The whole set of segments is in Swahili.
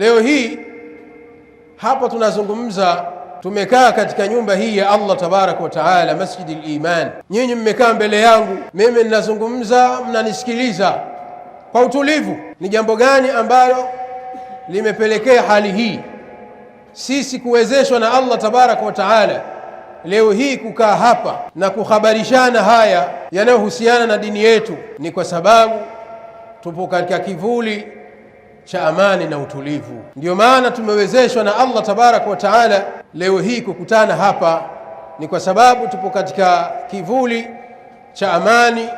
Leo hii hapa tunazungumza, tumekaa katika nyumba hii ya Allah tabaraka wa taala, Masjidi Liman. Nyinyi mmekaa mbele yangu, mimi ninazungumza, mnanisikiliza kwa utulivu. Ni jambo gani ambalo limepelekea hali hii sisi kuwezeshwa na Allah tabaraka wa taala leo hii kukaa hapa na kuhabarishana haya yanayohusiana na dini yetu? Ni kwa sababu tupo katika kivuli cha amani na utulivu. Ndiyo maana tumewezeshwa na Allah tabaraka wa taala leo hii kukutana hapa, ni kwa sababu tupo katika kivuli cha amani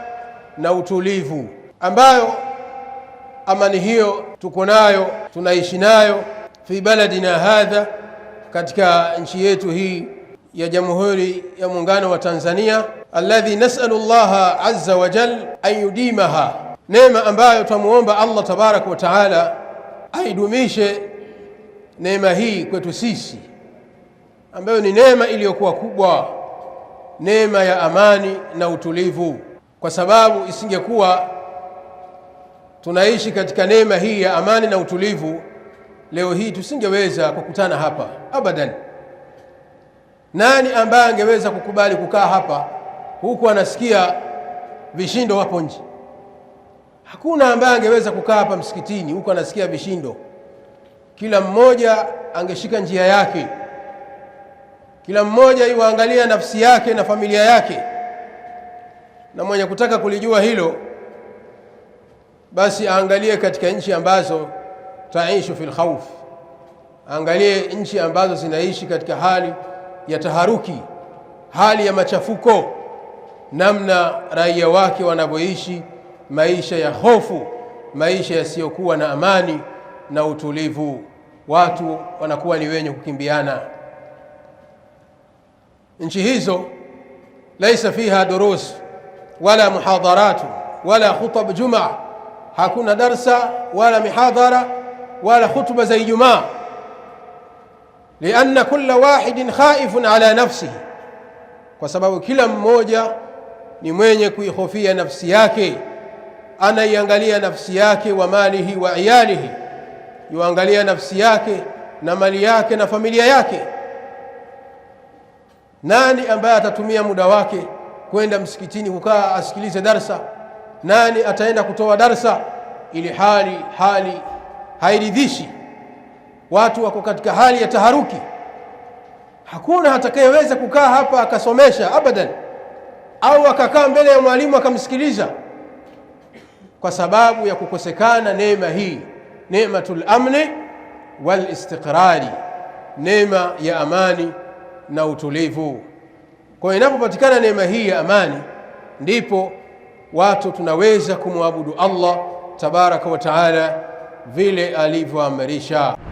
na utulivu, ambayo amani hiyo tuko nayo, tunaishi nayo fi baladina hadha, katika nchi yetu hii ya Jamhuri ya Muungano wa Tanzania, alladhi nasalu llaha azza wa jal an yudimaha, neema ambayo twamuomba Allah tabaraka wa taala aidumishe neema hii kwetu sisi, ambayo ni neema iliyokuwa kubwa, neema ya amani na utulivu, kwa sababu isingekuwa tunaishi katika neema hii ya amani na utulivu, leo hii tusingeweza kukutana hapa abadan. Nani ambaye angeweza kukubali kukaa hapa huku anasikia vishindo hapo nje? Hakuna ambaye angeweza kukaa hapa msikitini huko anasikia vishindo. Kila mmoja angeshika njia yake, kila mmoja iwaangalia nafsi yake na familia yake. Na mwenye kutaka kulijua hilo, basi aangalie katika nchi ambazo taishu fil khawf, aangalie nchi ambazo zinaishi katika hali ya taharuki, hali ya machafuko, namna raia wake wanavyoishi maisha ya hofu, maisha yasiyokuwa na amani na utulivu. Watu wanakuwa ni wenye kukimbiana. Nchi hizo laisa fiha durus wala muhadaratu wala khutab juma hakuna darsa wala mihadhara wala khutba za Ijumaa. Lianna kulla wahidin khaifun ala nafsihi, kwa sababu kila mmoja ni mwenye kuihofia nafsi yake anaiangalia nafsi yake wa malihi wa iyalihi, yuangalia nafsi yake na mali yake na familia yake. Nani ambaye atatumia muda wake kwenda msikitini kukaa asikilize darsa? Nani ataenda kutoa darsa ili hali hali hairidhishi? Watu wako katika hali ya taharuki. Hakuna atakayeweza kukaa hapa akasomesha abadan, au akakaa mbele ya mwalimu akamsikiliza kwa sababu ya kukosekana neema hii, neematul amni wal istiqrari, neema ya amani na utulivu. Kwa hiyo inapopatikana neema hii ya amani, ndipo watu tunaweza kumwabudu Allah tabaraka wa taala vile alivyoamrisha.